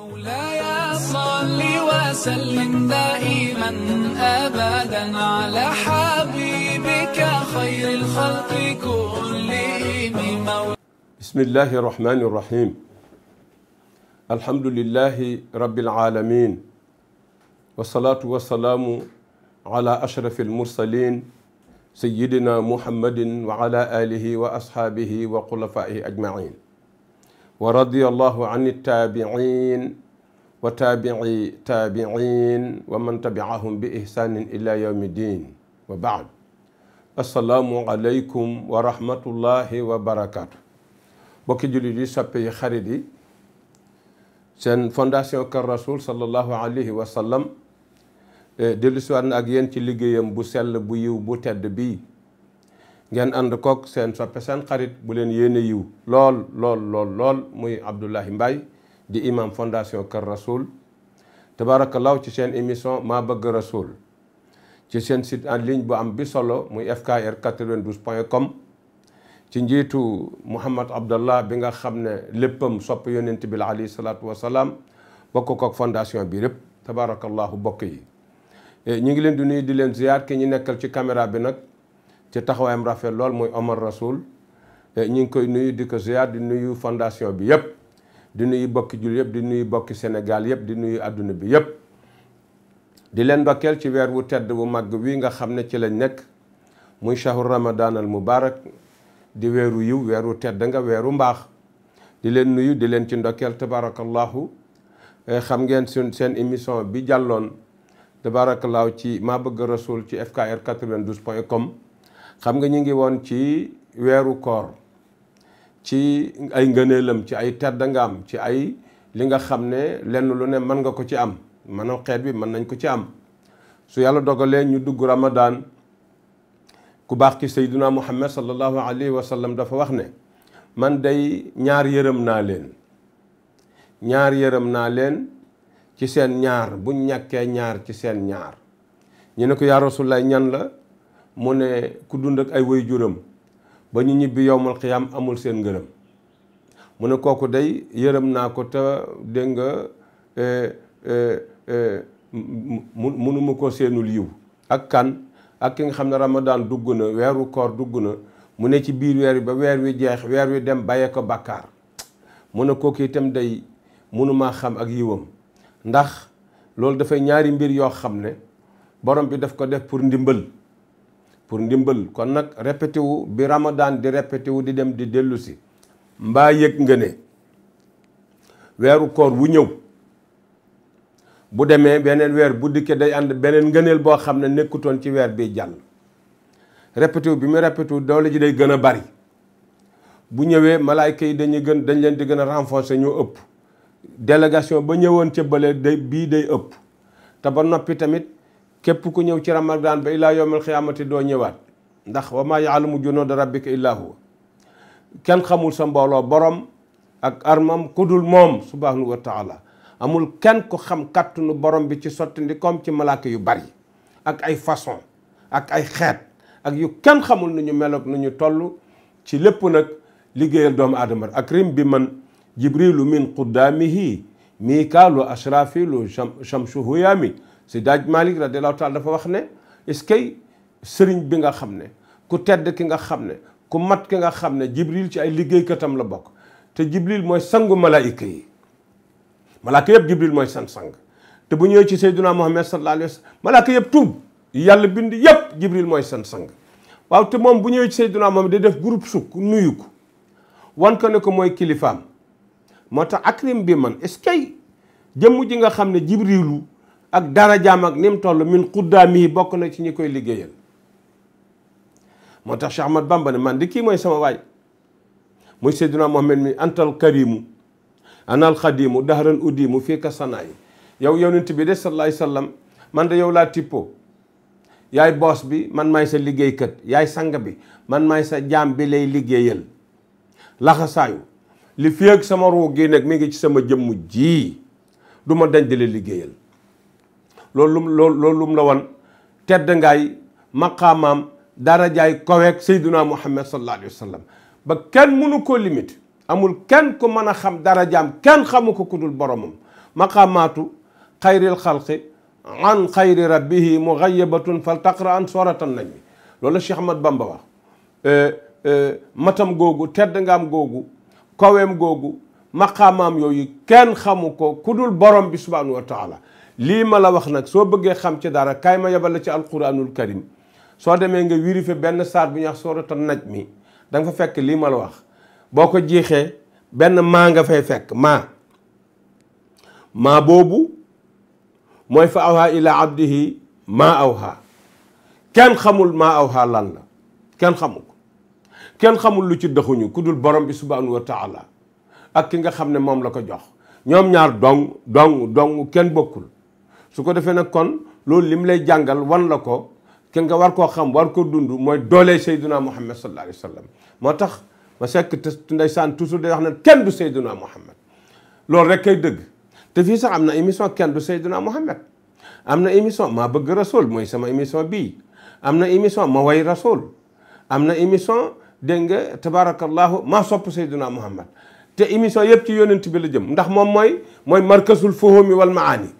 مولاي صل وسلم دائما ابدا على حبيبك خير الخلق كلهم بسم الله الرحمن الرحيم الحمد لله رب العالمين والصلاه والسلام على اشرف المرسلين سيدنا محمد وعلى اله واصحابه وخلفائه اجمعين wa radiyallahu an ittaabiin wa taabii taabiin wa man tabiahum bi ihsaanin ila yawmi diin wa baad assalaamu aleykum wa rahmatullahi wa barakaatu bokki jullit yi soppe yi xarit yi seen fondation Kër Rasoul sallallahu alayhi wa sallam eh, dellusiwaat na ak yéen ci liggéeyam bu sell bu yiw bu tedd bii ngeen ànd kook seen soppe seen xarit bu leen yéene yiw lool lool lool lool muy Abdoulahi Mbaye di imam fondation Kër Rasoul law ci seen émission ma bëgg Rasoul ci seen site en ligne bu am bi solo muy fkr 92 point com ci njiitu Mouhamad Abdallah bi nga xam ne léppam sopp yonent bi la alayhi salaatu wasalaam bokk kook fondation bi lépp tabaarakallaahu bokk yi eh, ñu ngi leen di nuyu di leen ziar ki ñu nekkal ci caméra bi nag ci taxawaayam rafet lool muy Omar Rasoul ñu ngi koy nuyu di ko ziar di nuyu fondation bi yëpp di nuyu bokki jul yëpp di nuyu bokki Sénégal yëpp di nuyu àdduna bi yëpp di leen ndokkeel ci weer wu tedd bu màgg wi nga xam ne ci lañ nekk muy shahru ramadan al mubarak di weeru yiw weeru tedd nga weeru mbaax di leen nuyu di leen ci ndokkeel tabarakallahu eh, xam ngeen sun seen émission bi jàlloon tabarakallahu ci maa bëgg rasul ci fkr 92 point com xam nga ñu ngi woon ci weeru koor ci ay ngëneelam ci ay tedd nga am ci ay li nga xam ne lenn lu ne mën nga ko ci am maanaam xeet bi mën nañ ko ci am su yàlla dogalee ñu dugg ramadaan ku baax ki sayduna muhammad sallallahu alayhi wa sallam dafa wax ne man dey ñaar yërëm naa leen ñaar yërëm naa leen ci seen ñaar bu ñàkkee ñaar ci seen ñaar ñu ne ko yaa rasulallah ñan la mu ne ku dund ak ay way juram ba ñu ñibbi yowmal xiyaam amul seen ngërëm mu ne kooku day yërëm naa ko te dégg nga eh, eh, eh, mu munuma ko seenul yiw ak kan ak ki nga xam ne ramadaan dugg na weeru koor dugg na mu ne ci biir weer wi ba weer wi jeex weer wi dem bàyyee ko bàkkaar mu ne kooku itam day mënumaa xam ak yiwam ndax loolu dafay ñaari mbir yoo xam ne borom bi daf ko def pour ndimbal pour ndimbal kon nag répété wu bi ramadan di répété wu di dem di dellusi mbaa yëg nga weeru koor wu ñëw bu demee beneen weer bu dikkee day ànd beneen ngëneel boo xam ne nekkutoon ci weer bi jàll répété wu bi mu répété wu doole ji day gën a bari bu ñëwee malaayka yi dañuy gën dañ leen di gën a renforcer ñoo ëpp délégation ba ñëwoon ci bële day bii day ëpp te ba noppi tamit képp ku ñëw ci ramadan ba illaa yowmal xiyaamati doo ñëwaat ndax wa maa yaalamu junuuda rabbika illaa huwa kenn xamul sa mbooloo borom ak armam kudul moom subhaanahu wa taala amul kenn ko xam kàttanu borom bi ci sottindi comme ci malaaka yu bari ak ay façon ak ay xeet ak yu kenn xamul nu ñu meloog nu ñu toll ci lépp nag liggéeyal doomu aadama ak rim bi man jibrilu min quddaamihi miikaalu ashrafilu sham shamsuhuyaami si daaj Malick radiyallahu taala dafa wax ne est-ce que sëriñ bi nga xam ne ku tedd ki nga xam ne ku mat ki nga xam ne jibril ci ay liggéeykatam la bokk te jibril mooy sangu malaayika yi malaaka yëpp jibril mooy san sang te bu ñëwee ci sayyiduna Muhammad sallallahu alayhi wa sallam malaaka yëpp tuub yàlla bind yëpp jibril mooy san sang waaw te moom bu ñëwee ci sayyiduna Muhammad day def groupe sukk nuyu ko wan ko ne ko mooy kilifaam moo tax akrim bi man est-ce que jëmm ji nga xam ne jibrilu ak dara jaam ak ni mu toll min xuddaam yi bokk na ci ñi koy liggéeyal moo tax Cheikh Ahmad man di kii mooy sama waay muy Seydina Mohamed mi antal karimu anal xadimu dahran udimu fii ka sanaayi yow yonent bi de sallallahu alayhi wasallam man de yow laa tippo yaay boos bi man maay sa liggéeykat yaay sang bi man maay sa jaam bi lay liggéeyal laxasaayu li fi ak sama ruu gi nag mi ngi ci sama jëmm ji duma ma dañ di liggéeyal loolu lum la wan tedd ngaay maqaamaam dara jaay koweek sayduna muhammad sallallahu alayhi wa ba kenn mënu koo limite amul kenn ko mën a xam dara jaam kenn xamu ko ku dul boromam maqaamaatu xayril xalqi an xayri rabbihi mugayabatun fal taqra an soratan nañ mi loolu la Cheikh Bamba wax matam googu tedd ngaam googu koweem googu maqaamaam yooyu kenn xamu ko ku dul borom bi subhanahu wa lii ma la wax nag soo bëggee xam ci dara kaay ma yebal la ci alquranul karim soo demee nga vérifier benn saar bu ñuy wax soorata naj mi danga fa fekk lii ma la wax boo ko jiixee benn maa nga fay fekk maa maa boobu mooy fa awha ila abdihi maa awha kenn xamul maa awha lan la kenn xamu ko kenn xamul lu ci dëxuñu ku dul borom bi subhanahu wa taala ak ki nga xam ne moom la ko jox ñoom ñaar dong dong dong kenn bokkul su ko defee nag kon loolu li mu lay jàngal wan la ko ke nga war koo xam war ko dund mooy doolee sayduna muhammad sallallahu alayhi wa sallam moo tax ma sekk te ndeysaan toujours day wax ne kenn du sayduna muhammad loolu rek kay dëgg te fii sax am na émission kenn du sayduna muhammad am na émission maa bëgg rasul mooy sama émission bi am na émission ma way rasul am na émission dégg nga tabarakallahu maa sopp sayduna muhammad te émission yëpp ci yonent bi la jëm ndax moom mooy mooy markasul fuhumi wal maani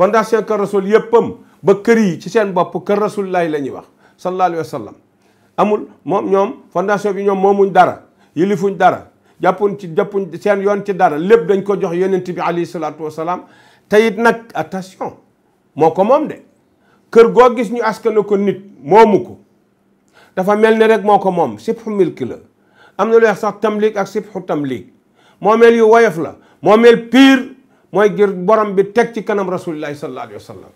fondation Kër Rasul yëppam ba kër yi ci seen bopp Kër Rasulullahi la ñuy wax sallallahu alayhi wa sallam amul moom ñoom fondation bi ñoom moomuñ dara yilifuñ dara jàppuñ ci jàppuñ seen yoon ci dara lépp dañ ko jox yonent bi alayhi salaatu wa salaam te it nag attention moo ko moom de kër goo gis ñu askane ko nit moomu ko dafa mel ni rek moo ko moom sibxu milki la am na lu wax sax tamlik ak sibxu tamlik moomeel yu woyof la moomeel pire. mooy ngir borom bi teg ci kanam rasulillahi sallallahu alayhi wa sallam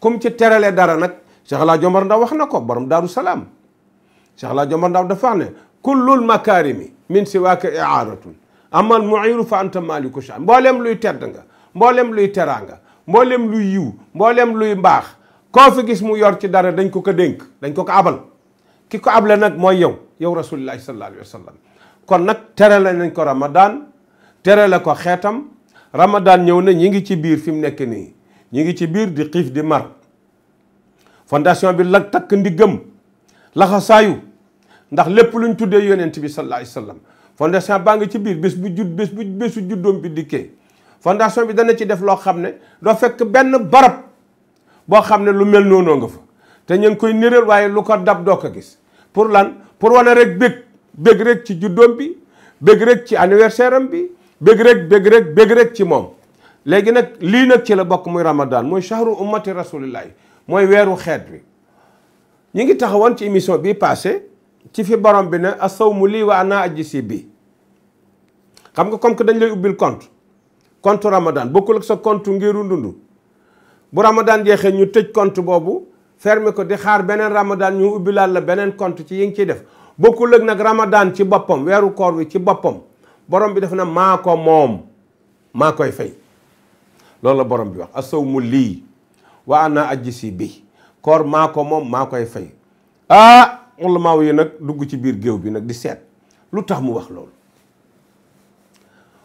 comme ci terale dara nag Cheikh El Hadj Ndaw wax na ko borom daaru salaam Cheikh El Hadj Omar Ndaw dafa wax ne kullul makaarimi min siwaaka iaaratun amal muiru fa anta maliku sha mboolem luy tedd nga mboolem luy teraanga mboolem luy yiw mboolem luy mbaax koo fi gis mu yor ci dara dañ ko ko dénk dañ ko ko abal ki ko able nag mooy yow yow rasulillahi sallallahu alayhi wa sallam kon nag terale nañ ko ramadan terale ko xeetam Ramadan ñëw na ñi ngi ci biir fi mu nekk nii ñi ngi ci biir di xiif di mar fondation bi la takk ndiggam laxasaayu ndax lépp luñ tuddee yonent bi sallallahu alayhi wasallam fondation baa ngi ci biir bés bu judd bés bu bésu juddoom bi dikkee fondation bi dana ci def loo xam ne doo fekk benn barab boo xam ne lu mel noonoo nga fa te ñu ngi koy niral waaye lu ko dab doo ko gis pour lan pour wane rek bég bég rek ci juddoom bi bég rek ci anniversaire bi bëgg rek bëgg rek bëgg rek ci moom léegi nag lii nag ci la bokk muy ramadaan mooy shahru ummati rasulillahi mooy weeru xeet bi ñu ngi taxawoon ci émission bi passé ci fi borom bi ne asawmu lii wa ana aji si bi xam nga comme que dañ lay ubbil compte compte ramadan bokkul ak sa compte ngiru ndund bu ramadan jeexee ñu tëj compte boobu fermer ko di xaar beneen ramadan ñu ubbi ubbilaat la beneen compte ci yi ngi ciy def bokkul ak nag ramadan ci boppam weeru koor wi ci boppam borom bi def na maa ko moom maa koy fay loolu la borom bi wax asaw mu lii wa ana aji si bi koor maa ko moom maa koy fay ah ulamaaw yi nag dugg ci biir géew bi nag di seet lu tax mu wax loolu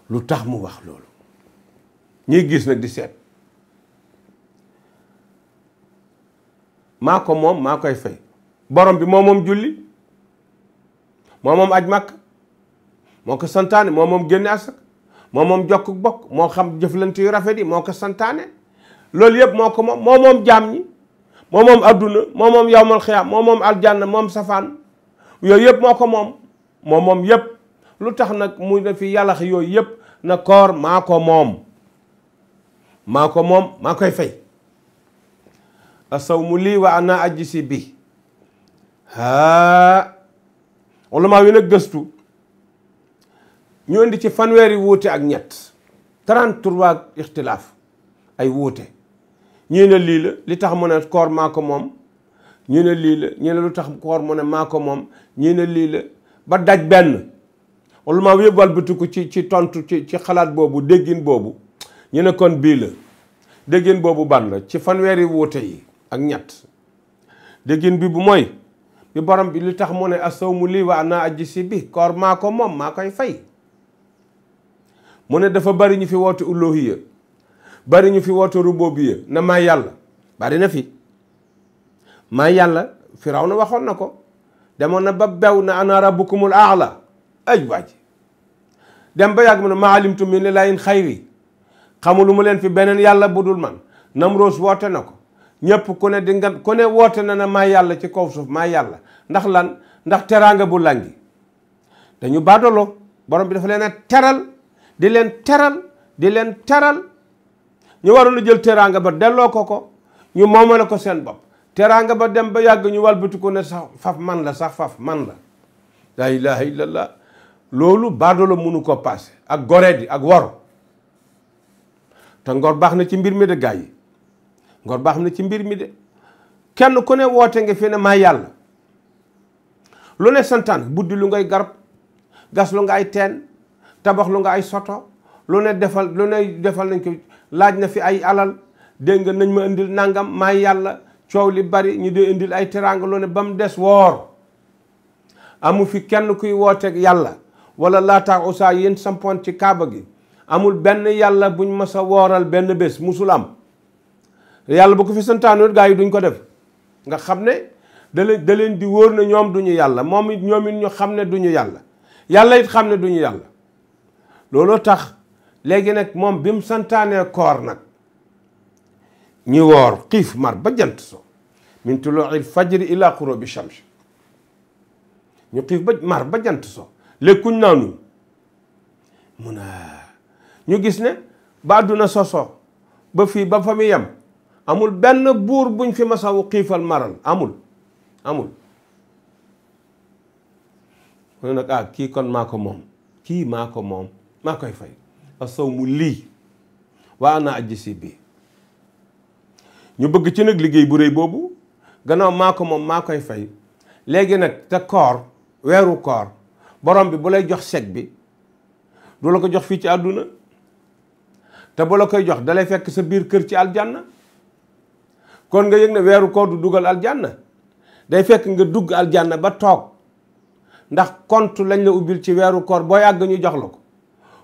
lu tax mu wax loolu ñuy gis nag di seet maa ko moom maa koy fay borom bi moo moom julli moo moom aj màkk moo ko santaane moo moom génne asak moo moom jokk bokk moo xam jëflante yu rafet yi moo ko santaane loolu yëpp moo ko moom moo moom jaam ñi moo moom adduna moo moom yawmal xiyaam moo moom aljanna moom safaan yooyu yëpp moo ko moom moo moom yëpp lu tax nag mu ne fi yàllax yooyu yëpp na koor maa ko moom maa ko moom maa koy fay asawmu lii wa ana ajisi bi haa ulama wi nag gëstu ñu indi ci fanweeri wuute ak ñett 33 ixtilaaf ay wuute ñu ne lii la li tax mu ne koor maa ko moom ñu ne lii la lu tax koor mu ne maa moom ñu lii la ba daj benn wala maa yëpp walbatiku ci ci tontu ci xalaat boobu déggin boobu ñu ne kon bii la déggin boobu ban la ci fanweeri wuute yi ak ñett déggin bi bu mooy bi borom bi li tax mu ne asawmu lii waa naa aji si bi koor maa ko moom maa koy fay mu ne dafa bari ñu fi woote uloohiya bari ñu fi woote rububiya na may yàlla bari na fi may yàlla firaw na waxoon na ko demoon na ba bew na ana rabbukumul aala ay waaji dem ba yàgg mu ne maa alimtu min ilaahin xayri xamu lu mu leen fi beneen yàlla bu dul man Namroos woote na ko ñëpp ku ne di nga ku ne woote na na may yàlla ci kaw suuf maa yàlla ndax lan ndax teraanga bu langi dañu baadoloo borom bi dafa leen a teral di leen teral di leen teral ñu waroon a jël teraanga ba delloo ko ko ñu moomale ko seen bopp teraanga ba dem ba yàgg ñu walbati ko ne sax faf man la sax faf man la laa ilaha illallah loolu baadolo mënu ko paase ak goree di ak waru te ngor baax na ci mbir mi de gaa yi ngor baax na ci mbir mi de kenn ku ne woote nga fi ne maa yàlla lu ne santaan buddi lu ngay garab gas lu ngay teen tabax lu nga ay soto lu ne defal lu ne defal nañ ko laaj na fi ay alal dégg nga nañ ma indil nangam may yàlla coow li bari ñu dee indil ay teraanga lu ne ba mu des woor amu fi kenn kuy wooteeg yàlla wala laata usaa yéen sampoon ci kaaba gi amul benn yàlla buñ mës a wooral benn bés musul am yàlla bu ko fi santaanoon gaa yi duñ ko def nga xam ne da leen da leen di wóor na ñoom duñu yàlla moom it ñoom it ñu xam ne duñu yàlla yàlla it xam ne duñu yàlla looloo tax léegi nag moom bi santaane santaanee koor nag ñu woor xiif mar ba jant so min tuluil fajri ila xurubi shams ñu xiif ba mar ba jant so lekkuñ naanuñ mun a ñu gis ne ba àdduna soso ba fii ba fa mu amul benn buur buñ fi masawu xiifal maral amul amul mu ne nag ah kii kon maa moom kii maa moom maa koy fay asaw mu lii waa naa ajji si bii ñu bëgg ci nag liggéey bu rëy boobu gannaaw maa ko moom maa koy fay léegi nag te koor weeru koor borom bi bu lay jox chèque bi du la ko jox fii ci àdduna te bu la koy jox dalay fekk sa biir kër ci aljanna kon nga yëg ne weeru koor du dugal aljanna day fekk nga dugg aljanna ba toog ndax kont lañ la ubbil ci weeru koor boo yàgg ñu jox la ko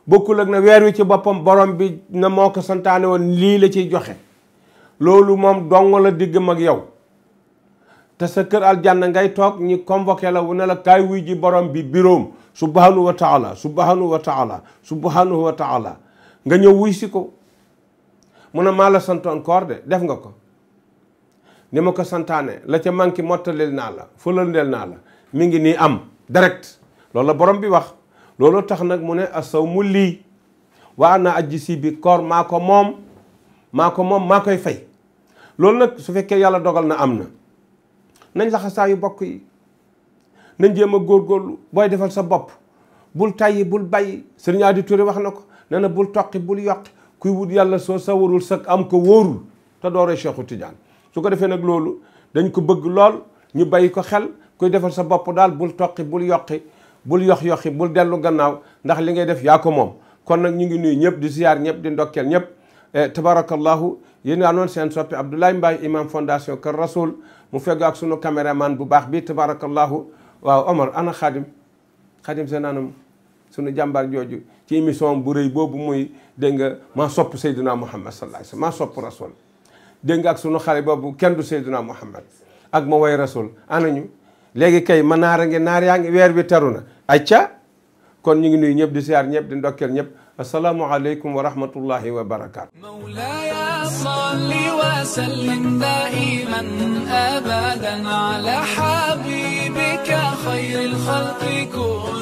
bokkul ak na weer wi ci boppam borom bi na moo ko santaane woon lii la ciy joxe loolu moom dong la diggam ak yow te sa kër aljanna ngay toog ñi convoqué la wu ne la kaay wuy ji borom bi biroom su wa taala subhanahu wa taala subhanahu wa taala nga ñëw wuy si ko mu ne maa la santoon koor def nga ko ni ma ko santaane la ca manqué mottalil naa la fulal ndeel naa la mi ngi nii am direct loolu la borom bi wax loolu tax nag mu ne asaw mu lii waa naa ajji si bi koor maa ko moom maa moom maa koy fay loolu nag su fekkee yàlla dogal na am na nañ laxasaayu bokk yi nañ jéem a góorlu booy defal sa bopp bul tàyyi bul bàyyi sëriñ Adi Touré wax na ko nee na bul toqi bul yoqi kuy wut yàlla soo sawarul sa am ko wóorul te dooree Cheikhu Tidiane su ko defee nag loolu dañ ko bëgg lool ñu bàyyi ko xel kuy defal sa bopp daal bul toqi bul yoqi bul yox yoxi bul dellu gannaaw ndax li ngay def yaa ko moom kon nag ñu ngi nuy ñëpp di ziar ñëpp di ndokkeel ñëpp eh, tabarakallahu yéen a noon seen soppi Abdoulaye Mbaye imam fondation ka Rasoul mu fegg ak sunu man bu baax bii tabarakallahu waaw Omar ana Khadim Khadim seen anam sunu jàmbaar jooju ci émission bu rëy boobu muy dégg nga maa sopp Seydina Muhammad sallallahu alayhi wasallam maa sopp Rasoul dégg nga ak sunu xale boobu kenn du Seydina Muhammad ak ma way Rasoul ñu léegi kay ma naara ngi naar yaa ngi weer bi na acca kon ñu ngi nuyu ñëpp di siyaar ñëpp di ndokkeel ñëpp asalaamu aleykum wa rahmatullahi wa barakaatu mawlaaya salli wa sallim daiman abadan ala habibika xayril xalqi